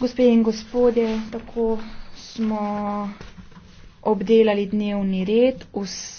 Gospe in gospode, tako smo obdelali dnevni red. Vse